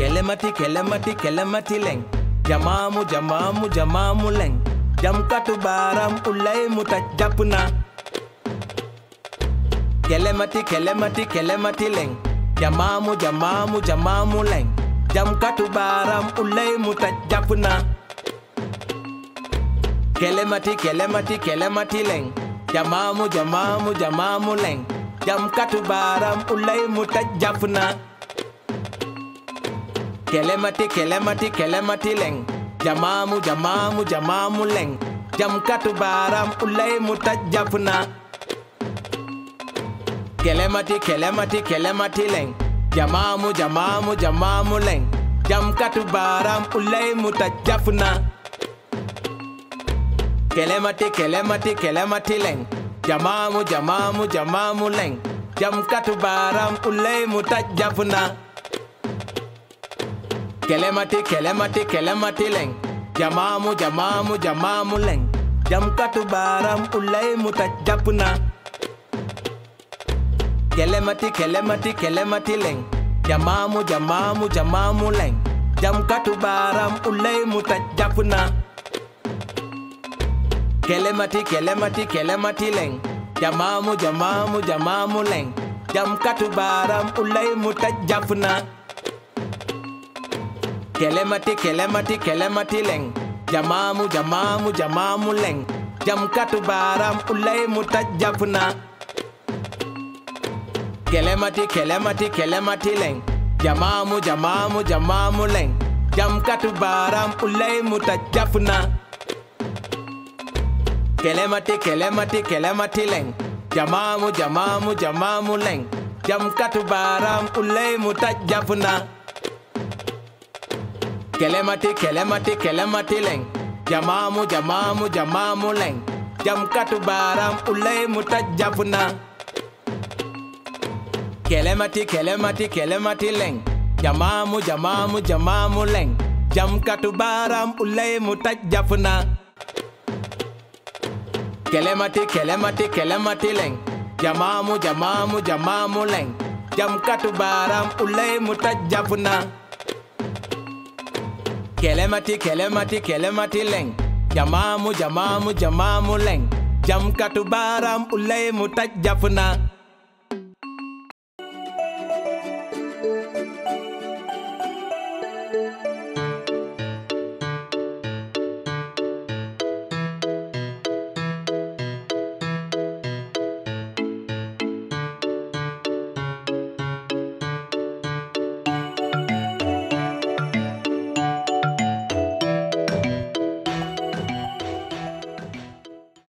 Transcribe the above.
kelemati kelemati kelemati leng jamaamu jamaamu jamaamu leng jamkatu baaraam ulay mu taj jàpp na kelemati kelemati kelemati leng jamaamu jamaamu jamaamu leng jamkatu baaraam ulay mu taj jàpp na kelemati kelemati kelemati leng jamaamu jamaamu jamaamu leng jamkatu baaraam ulay mu taj jàpp na kelemati kelemati kelemati leng jamamu jamamu jamamu leng jam katu baram ulay mu tajjafna kelemati kelemati kelemati leng jamamu jamamu jamamu leng jam katu baram ulay mu tajjafna kelemati kelemati kelemati leng jamamu jamamu jamamu leng jam katu baram ulay mu tajjafna kelemati kelemati kelemati leng jamaamu jamaamu jamaamu leng jamkatu baaraam ulay mu taj jàpp naa kelemati kelemati kelemati leng jamaamu jamaamu jamaamu leng jamkatu baaraam ulay mu taj jàpp naa kelemati kelemati kelemati leng jamaamu jamaamu jamaamu leng jamkatu baaraam ulay mu taj jàpp naa kelemati kelemati kelemati leng jamamu jamamu jamamu leng jamkatu baram ulay mu tajjab na kelemati kelemati kelemati leng jamamu jamamu jamamu leng jamkatu baram ulay mu tajjab na kelemati kelemati kelemati leng jamamu jamamu jamamu leng jamkatu baram ulay mu tajjab na kelemati kelemati kelemati leng jamamu jamamu jamamu leng jam katu baram ulay mu taj jàpp na kelemati kelemati kelemati leng jamamu jamamu jamamu leng jam katu baram ulay mu taj jàpp na kelemati kelemati kelemati leng jamamu jamamu jamamu leng jam katu baram ulay mu taj jàpp na kelemati kelemati kelemati leng jamamu jamamu jamamu leng jam katu baram ulay mu taj jafna